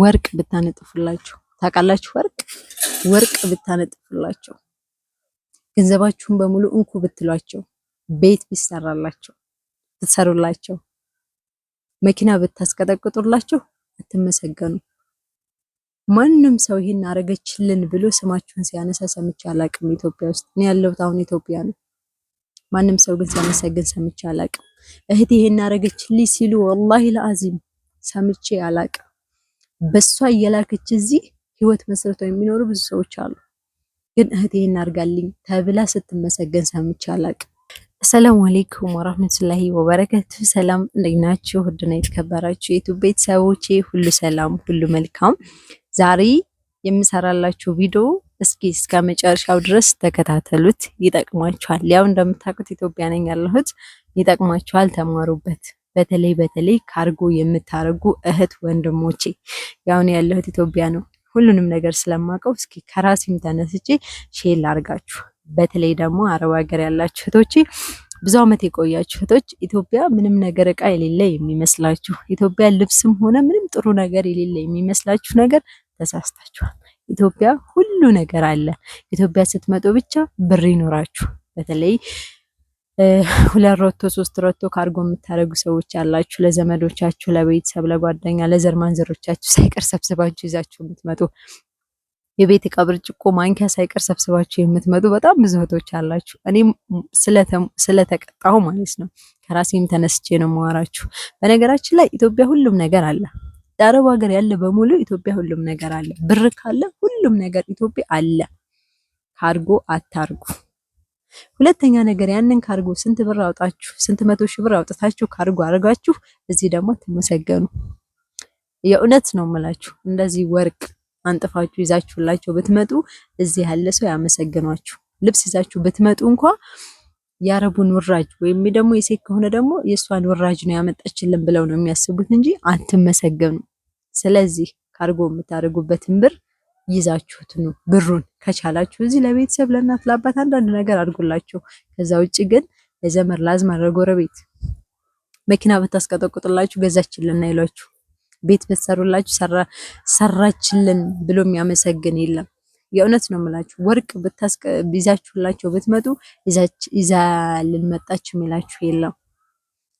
ወርቅ ብታነጥፍላቸው ታውቃላችሁ፣ ወርቅ ወርቅ ብታነጥፉላቸው፣ ገንዘባችሁን በሙሉ እንኩ ብትሏቸው፣ ቤት ቢሰራላቸው ብትሰሩላቸው፣ መኪና ብታስቀጠቅጡላችሁ አትመሰገኑ። ማንም ሰው ይህን አረገችልን ብሎ ስማችሁን ሲያነሳ ሰምቼ አላቅም። ኢትዮጵያ ውስጥ እኔ ያለሁት አሁን ኢትዮጵያ ነው። ማንም ሰው ግን ሲያመሰግን ሰምቼ አላቅም። እህት ይሄን አረገችልኝ ሲሉ ወላሂ ለአዚም ሰምቼ አላቅም። በሷ እየላከች እዚህ ህይወት መስርተው የሚኖሩ ብዙ ሰዎች አሉ። ግን እህቴ እናርጋልኝ ተብላ ስትመሰገን ሰምቼ አላቅም። አሰላሙ አሌይኩም ወራህመቱላሂ ወበረከቱ። ሰላም እንዴት ናችሁ? ውድና የተከበራችሁ የቱ ቤተሰቦቼ ሁሉ ሰላም፣ ሁሉ መልካም። ዛሬ የምሰራላችሁ ቪዲዮ እስኪ እስከ መጨረሻው ድረስ ተከታተሉት፣ ይጠቅማችኋል። ያው እንደምታውቁት ኢትዮጵያ ነኝ ያለሁት፣ ይጠቅማችኋል፣ ተማሩበት። በተለይ በተለይ ካርጎ የምታደርጉ እህት ወንድሞቼ፣ ያሁን ያለሁት ኢትዮጵያ ነው። ሁሉንም ነገር ስለማውቀው እስኪ ከራሴም ተነስቼ ሼል አድርጋችሁ በተለይ ደግሞ አረብ ሀገር ያላችሁ እህቶቼ ብዙ ዓመት የቆያችሁ እህቶች ኢትዮጵያ ምንም ነገር እቃ የሌለ የሚመስላችሁ ኢትዮጵያ ልብስም ሆነ ምንም ጥሩ ነገር የሌለ የሚመስላችሁ ነገር ተሳስታችኋል። ኢትዮጵያ ሁሉ ነገር አለ። ኢትዮጵያ ስትመጡ ብቻ ብር ይኖራችሁ በተለይ ሁለት ሮቶ ሶስት ሮቶ ካርጎ የምታደርጉ ሰዎች አላችሁ። ለዘመዶቻችሁ፣ ለቤተሰብ፣ ለጓደኛ፣ ለዘር ማንዘሮቻችሁ ሳይቀር ሰብስባችሁ ይዛችሁ የምትመጡ የቤት እቃ፣ ብርጭቆ፣ ማንኪያ ሳይቀር ሰብስባችሁ የምትመጡ በጣም ብዙ እህቶች አላችሁ። እኔም ስለተቀጣሁ ማለት ነው ከራሴም ተነስቼ ነው መዋራችሁ። በነገራችን ላይ ኢትዮጵያ ሁሉም ነገር አለ። አረብ ሀገር ያለ በሙሉ ኢትዮጵያ ሁሉም ነገር አለ። ብር ካለ ሁሉም ነገር ኢትዮጵያ አለ። ካርጎ አታርጉ። ሁለተኛ ነገር ያንን ካርጎ ስንት ብር አውጣችሁ ስንት መቶ ሺህ ብር አውጥታችሁ ካርጎ አድርጋችሁ እዚህ ደግሞ ትመሰገኑ። የእውነት ነው የምላችሁ። እንደዚህ ወርቅ አንጥፋችሁ ይዛችሁላቸው ብትመጡ እዚህ ያለ ሰው ያመሰግኗችሁ። ልብስ ይዛችሁ ብትመጡ እንኳ የአረቡን ውራጅ ወይም ደግሞ የሴት ከሆነ ደግሞ የእሷን ውራጅ ነው ያመጣችልን ብለው ነው የሚያስቡት እንጂ አትመሰገኑ። ስለዚህ ካርጎ የምታደርጉበትን ብር ይዛችሁት ነው ብሩን ከቻላችሁ እዚህ ለቤተሰብ ለእናት ለአባት አንዳንድ ነገር አድርጉላቸው። ከዛ ውጭ ግን ለዘመድ ላዝማድ ለጎረቤት መኪና ብታስቀጠቁጥላችሁ ገዛችልን አይሏችሁ። ቤት ብትሰሩላችሁ ሰራችልን ብሎ የሚያመሰግን የለም። የእውነት ነው የምላችሁ። ወርቅ ይዛችሁላቸው ብትመጡ ይዛልን ልንመጣችሁ የሚላችሁ የለም።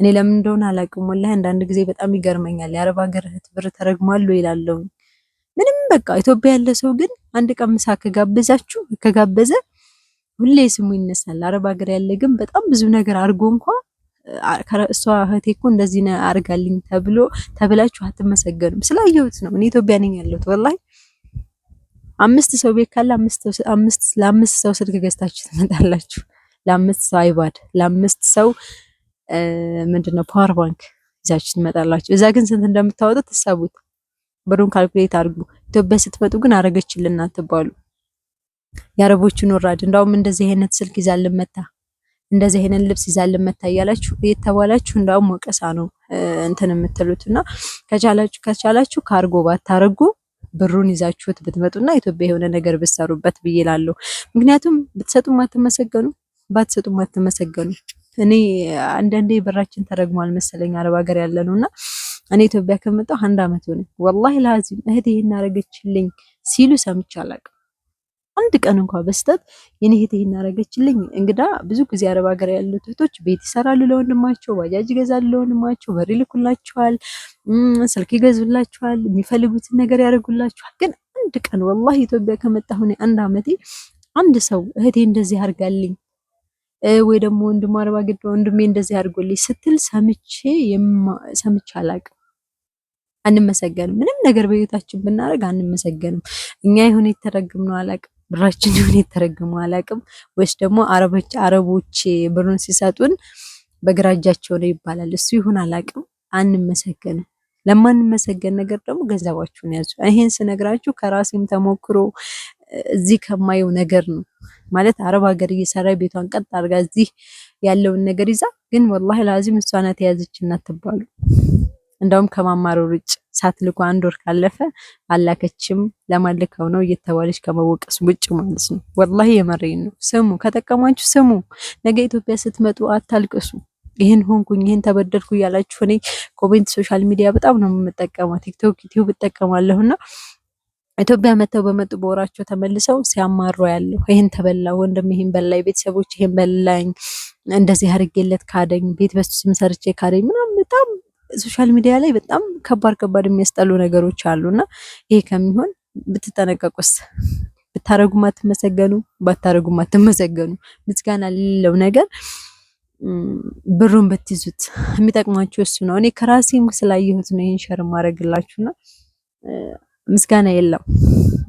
እኔ ለምን እንደሆነ አላውቅም። ወላሂ አንዳንድ ጊዜ በጣም ይገርመኛል። የአረብ ሀገር እህት ብር ተረግሟሉ ይላለውን ምንም በቃ ኢትዮጵያ ያለ ሰው ግን አንድ ቀን ምሳ ከጋበዛችሁ ከጋበዘ ሁሌ ስሙ ይነሳል። አረብ ሀገር ያለ ግን በጣም ብዙ ነገር አድርጎ እንኳ እሷ እህቴ እኮ እንደዚህ አድርጋልኝ ተብሎ ተብላችሁ አትመሰገኑም። ስላየሁት ነው። እኔ ኢትዮጵያ ነኝ ያለሁት ወላሂ አምስት ሰው ቤት ካለ አምስት ለአምስት ሰው ስልክ ገዝታችሁ ትመጣላችሁ። ለአምስት ሰው አይባድ፣ ለአምስት ሰው ምንድነው ፓወር ባንክ ይዛችሁ ትመጣላችሁ። እዛ ግን ስንት እንደምታወጡት ትሰቡት ብሩን ካልኩሌት አድርጉ። ኢትዮጵያ ስትመጡ ግን አረገችልን አትባሉ። የአረቦቹን ወራድ እንዳውም እንደዚህ አይነት ስልክ ይዛልን መታ፣ እንደዚህ አይነት ልብስ ይዛልን መታ እያላችሁ እየተባላችሁ እንዳውም ወቀሳ ነው እንትን የምትሉትና ከቻላችሁ ከቻላችሁ ካርጎ ባታረጉ ብሩን ይዛችሁት ብትመጡና ኢትዮጵያ የሆነ ነገር ብትሰሩበት ብዬ እላለሁ። ምክንያቱም ብትሰጡም አትመሰገኑ፣ ባትሰጡም አትመሰገኑ። እኔ አንዳንዴ ብራችን ተረግሟል መሰለኝ አረብ ሀገር ያለ ነውና እኔ ኢትዮጵያ ከመጣሁ አንድ አመት ሆነ። ወላሂ ለአዚም እህቴ ይሄን አረገችልኝ ሲሉ ሰምቼ አላውቅም። አንድ ቀን እንኳ በስተት የኔ እህቴ ይሄን አረገችልኝ። እንግዳ ብዙ ጊዜ አረብ ሀገር ያሉት እህቶች ቤት ይሰራሉ ለወንድማቸው፣ ባጃጅ ይገዛሉ ለወንድማቸው፣ በር ይልኩላቸዋል፣ ስልክ ይገዙላቸዋል፣ የሚፈልጉትን ነገር ያደርጉላቸዋል። ግን አንድ ቀን ወላሂ ኢትዮጵያ ከመጣሁ እኔ አንድ አመቴ አንድ ሰው እህቴ እንደዚህ አድርጋልኝ ወይ ደግሞ ወንድሟ አረብ ግድ ወንድሜ እንደዚህ አድርጎልኝ ስትል ሰምቼ ሰምቼ አንመሰገንም። ምንም ነገር በህይወታችን ብናደርግ አንመሰገንም። እኛ የሆነ የተረግም ነው አላቅም ብራችን የሆነ የተረግሙ አላቅም ወይስ ደግሞ አረቦች ብሩን ሲሰጡን በግራ እጃቸው ነው ይባላል። እሱ ይሁን አላቅም፣ አንመሰገንም። ለማንመሰገን ነገር ደግሞ ገንዘባችሁን ያዙ። ይሄን ስነግራችሁ ከራሴም ተሞክሮ እዚህ ከማየው ነገር ነው። ማለት አረብ ሀገር እየሰራ ቤቷን ቀጥ አድርጋ እዚህ ያለውን ነገር ይዛ ግን ወላሂ ላዚም እሷ ናት የያዘች እንደውም ከማማረር ውጭ ሳትልኮ አንድ ወር ካለፈ አላከችም ለማልከው ነው እየተባለች ከመወቀስ ውጭ ማለት ነው። ወላሂ የመረኝ ነው። ስሙ ከጠቀማችሁ ስሙ። ነገ ኢትዮጵያ ስትመጡ አታልቅሱ። ይህን ሆንኩኝ ይህን ተበደልኩ እያላችሁ እኔ ኮሜንት ሶሻል ሚዲያ በጣም ነው የምጠቀመው፣ ቲክቶክ ዩቲዩብ እጠቀማለሁ እና ኢትዮጵያ መተው በመጡ በወራቸው ተመልሰው ሲያማሩ ያለው ይህን ተበላ ወንድም ይህን በላይ ቤተሰቦች ይህን በላኝ እንደዚህ አድርጌለት ካደኝ ቤት በሱ ስም ሰርቼ ካደኝ ምናምን በጣም ሶሻል ሚዲያ ላይ በጣም ከባድ ከባድ የሚያስጠሉ ነገሮች አሉ እና ይሄ ከሚሆን ብትጠነቀቁስ። ብታረጉም አትመሰገኑ፣ ባታረጉም አትመሰገኑ። ምስጋና ሌለው ነገር ብሩን ብትይዙት የሚጠቅማችሁ እሱ ነው። እኔ ከራሴም ስላየሁት ነው ይህን ሸር ማድረግላችሁና ምስጋና የለም።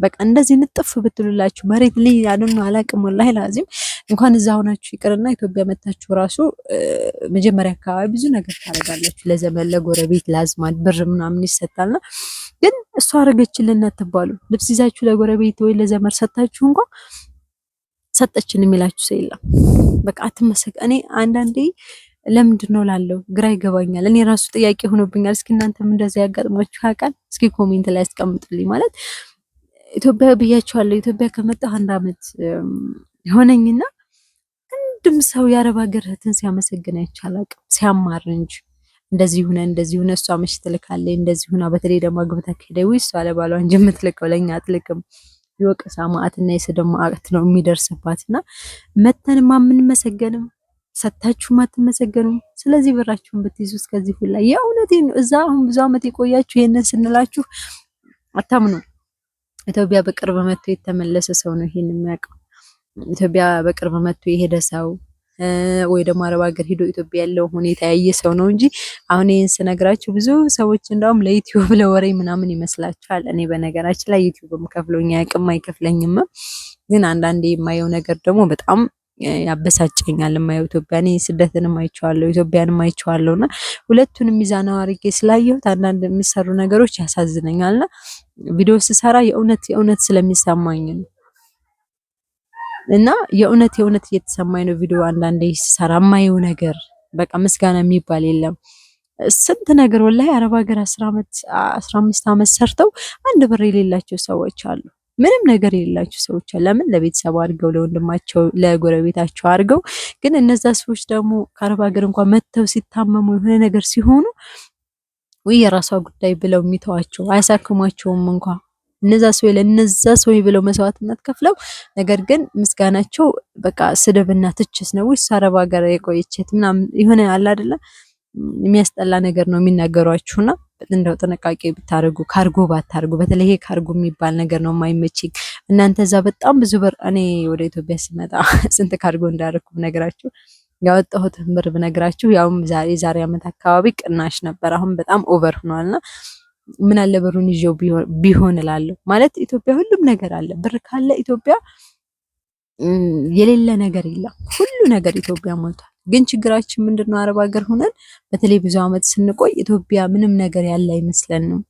በቃ እንደዚህ ንጥፍ ብትሉላችሁ መሬት ላይ ያሉን አላቅም ወላሂ ላዚም እንኳን እዛ ሆናችሁ ይቅርና ኢትዮጵያ መታችሁ ራሱ መጀመሪያ አካባቢ ብዙ ነገር ታደርጋላችሁ። ለዘመን፣ ለጎረቤት፣ ለአዝማድ ብር ምናምን ይሰጣልና ግን እሷ አረገችልን አትባሉ። ልብስ ይዛችሁ ለጎረቤት ወይ ለዘመር ሰታችሁ እንኳ ሰጠችን የሚላችሁ ሰው የለም። በቃ አትመሰግ እኔ አንዳንዴ ለምንድን ነው ላለው ግራ ይገባኛል። እኔ ራሱ ጥያቄ ሆኖብኛል። እስኪ እናንተም እንደዚያ ያጋጥሟችሁ ካቃል እስኪ ኮሜንት ላይ ያስቀምጡልኝ። ማለት ኢትዮጵያ ብያቸዋለሁ። ኢትዮጵያ ከመጣሁ አንድ አመት የሆነኝና አንድም ሰው የአረብ ሀገር እህትን ሲያመሰግን አይቼ ሲያማር እንጂ እንደዚህ ሁነ እንደዚህ ሁነ እሷ መች ትልካለች እንደዚህ ሁና። በተለይ ደግሞ አግብታ ከሄደ ውይ እሷ ለባሏ እንጂ የምትልከው ለእኛ አትልክም። የወቀሳ ማዕትና የስድብ ማዕት ነው የሚደርስባት። እና መተንማ የምንመሰገንም ሰታችሁ ማትመሰገኑ ስለዚህ ብራችሁን ብትይዙ እስከዚህ ሁላ የእውነቴን እዛ አሁን ብዙ አመት የቆያችሁ ይህንን ስንላችሁ አታምኑ። ኢትዮጵያ በቅርብ መጥቶ የተመለሰ ሰው ነው ይሄን የሚያውቀው። ኢትዮጵያ በቅርብ መጥቶ የሄደ ሰው ወይ ደግሞ አረብ ሀገር ሄዶ ኢትዮጵያ ያለው ሁኔታ ያየ ሰው ነው እንጂ አሁን ይህን ስነግራችሁ ብዙ ሰዎች እንዳውም ለዩትዩብ ለወሬ ምናምን ይመስላችኋል። እኔ በነገራችን ላይ ዩትዩብም ከፍሎኝ ያቅም አይከፍለኝም። ግን አንዳንዴ የማየው ነገር ደግሞ በጣም ያበሳጨኛል። የማየው ኢትዮጵያ እኔ ስደትንም አይቼዋለሁ ኢትዮጵያንም አይቼዋለሁ እና ሁለቱን ሚዛናዊ አድርጌ ስላየሁት አንዳንድ የሚሰሩ ነገሮች ያሳዝነኛልና ቪዲዮ ስሰራ የእውነት የእውነት ስለሚሰማኝ ነው። እና የእውነት የእውነት እየተሰማኝ ነው ቪዲዮ አንዳንዴ ስሰራ የማየው ነገር በቃ ምስጋና የሚባል የለም። ስንት ነገር ወላሂ አረብ ሀገር አስራ አምስት ዓመት ሰርተው አንድ ብር የሌላቸው ሰዎች አሉ። ምንም ነገር የሌላቸው ሰዎች አሉ። ለምን ለቤተሰብ አድርገው ለወንድማቸው ለጎረቤታቸው አድርገው፣ ግን እነዛ ሰዎች ደግሞ ከአረብ ሀገር እንኳን መጥተው ሲታመሙ የሆነ ነገር ሲሆኑ ወይ የራሷ ጉዳይ ብለው የሚተዋቸው አያሳክሟቸውም እንኳ እነዛ ሰው ለነዛ ሰው ብለው መስዋዕትነት ከፍለው ነገር ግን ምስጋናቸው በቃ ስድብና ትችት ነው። ወይስ አረብ ሀገር የቆየችት ምናምን የሆነ አለ አይደለ የሚያስጠላ ነገር ነው የሚናገሯችሁና እንደው ጥንቃቄ ብታደርጉ ካርጎ ባታርጉ። በተለይ ካርጎ የሚባል ነገር ነው የማይመችኝ። እናንተ እዛ በጣም ብዙ ብር እኔ ወደ ኢትዮጵያ ስመጣ ስንት ካርጎ እንዳደረግኩ ብነግራችሁ ያወጣሁትን ብር ብነግራችሁ ያውም ዛሬ ዛሬ ዓመት አካባቢ ቅናሽ ነበር። አሁን በጣም ኦቨር ሆኗልና ምን አለ ብሩን ይዤው ቢሆን እላለሁ። ማለት ኢትዮጵያ ሁሉም ነገር አለ። ብር ካለ ኢትዮጵያ የሌለ ነገር የለም። ሁሉ ነገር ኢትዮጵያ ሞልቷል። ግን ችግራችን ምንድን ነው? አረብ ሀገር ሆነን በተለይ ብዙ ዓመት ስንቆይ ኢትዮጵያ ምንም ነገር ያለ አይመስለንም።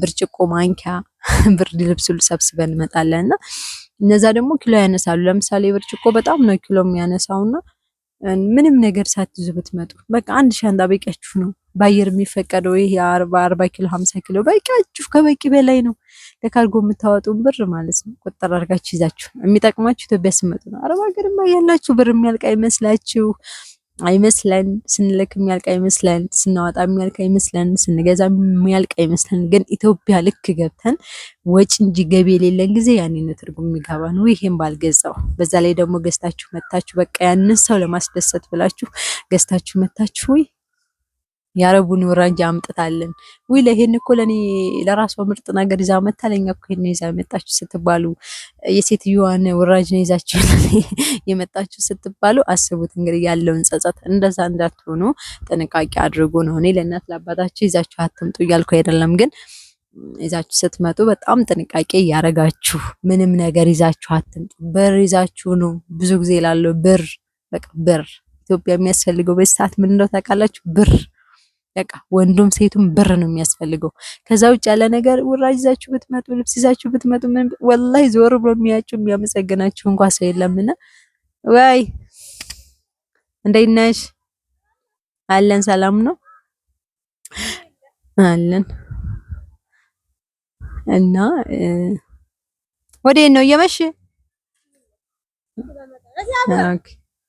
ብርጭቆ፣ ማንኪያ፣ ብርድ ልብስ ሁሉ ሰብስበን እንመጣለን እና እነዛ ደግሞ ኪሎ ያነሳሉ። ለምሳሌ ብርጭቆ በጣም ነው ኪሎ የሚያነሳውና ምንም ነገር ሳትይዙ ብትመጡ በቃ አንድ ሻንጣ በቂያችሁ ነው። በአየር የሚፈቀደው ይህ የአርባ አርባ ኪሎ ሀምሳ ኪሎ በቂያችሁ ከበቂ በላይ ነው። ለካርጎ የምታወጡን ብር ማለት ነው ቁጥር አድርጋችሁ ይዛችሁ የሚጠቅማችሁ ኢትዮጵያ ስመጡ ነው። አረብ ሀገርማ ያላችሁ ብር የሚያልቅ አይመስላችሁ አይመስለን፣ ስንልክ የሚያልቅ አይመስለን፣ ስናወጣ የሚያልቅ አይመስለን፣ ስንገዛ የሚያልቅ አይመስለን። ግን ኢትዮጵያ ልክ ገብተን ወጪ እንጂ ገቢ የሌለን ጊዜ ያንን ትርጉም የሚገባ ነው። ይሄን ባልገዛው። በዛ ላይ ደግሞ ገዝታችሁ መታችሁ በቃ ያንን ሰው ለማስደሰት ብላችሁ ገዝታችሁ መታችሁ የአረቡን ውራጅ አምጥታለን ወይ ለይሄን እኮ ለኔ ለራሷ ምርጥ ነገር ይዛ መታ ለኛ እኮ ይሄን ይዛ የመጣችሁ ስትባሉ የሴትዮዋን ውራጅ ነው ይዛችሁ የመጣችሁ ስትባሉ አስቡት እንግዲህ ያለውን ጸጸት። እንደዛ እንዳትሆኑ ጥንቃቄ አድርጉ ነው። እኔ ለእናት ለአባታችሁ ይዛችሁ አትምጡ እያልኩ አይደለም፣ ግን ይዛችሁ ስትመጡ በጣም ጥንቃቄ እያረጋችሁ ምንም ነገር ይዛችሁ አትምጡ። ብር ይዛችሁ ነው ብዙ ጊዜ ላለው ብር በቃ ብር ኢትዮጵያ የሚያስፈልገው በዚህ ሰዓት ምን እንደው ታውቃላችሁ ብር በቃ ወንዱም ሴቱም ብር ነው የሚያስፈልገው። ከዛ ውጭ ያለ ነገር ውራጅ ይዛችሁ ብትመጡ፣ ልብስ ይዛችሁ ብትመጡ ምን ወላሂ ዞር ብሎ የሚያችሁ የሚያመሰግናችሁ እንኳ ሰው የለምና። ወይ እንደይናሽ አለን ሰላም ነው አለን እና ወዴት ነው እየመሽ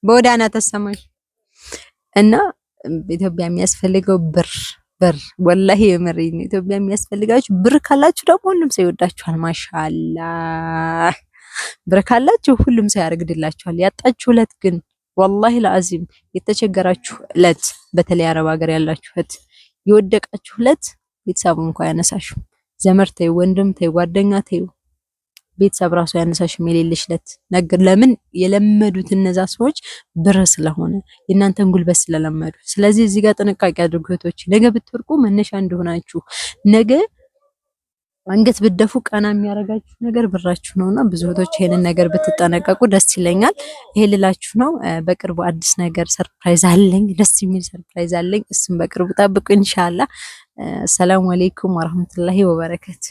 ቦዳና ተሰማሽ እና ኢትዮጵያ የሚያስፈልገው ብር ብር ወላሂ የምር ኢትዮጵያ የሚያስፈልጋችሁ ብር ካላችሁ ደግሞ ሁሉም ሰው ይወዳችኋል። ማሻላ ብር ካላችሁ ሁሉም ሰው ያደርግድላችኋል። ያጣችሁ እለት ግን ወላሂ ለአዚም የተቸገራችሁ እለት በተለይ አረብ ሀገር ያላችሁት የወደቃችሁ እለት ቤተሰቡ እንኳ ያነሳችሁ ዘመድ ወንድም ተይው፣ ጓደኛ ተይው ቤተሰብ ራሱ ያነሳሽም የሌለሽለት ነገር ለምን የለመዱት እነዛ ሰዎች ብር ስለሆነ የእናንተን ጉልበት ስለለመዱ። ስለዚህ እዚህ ጋር ጥንቃቄ አድርጉ እህቶች፣ ነገ ብትወርቁ መነሻ እንደሆናችሁ ነገ አንገት ብደፉ ቀና የሚያደርጋችሁ ነገር ብራችሁ ነውና ብዙ እህቶች ይሄንን ነገር ብትጠነቀቁ ደስ ይለኛል። ይሄ ልላችሁ ነው። በቅርቡ አዲስ ነገር ሰርፕራይዝ አለኝ፣ ደስ የሚል ሰርፕራይዝ አለኝ። እሱም በቅርቡ ጠብቁ ኢንሻአላህ። ሰላም አለይኩም ወራህመቱላሂ ወበረከቱ።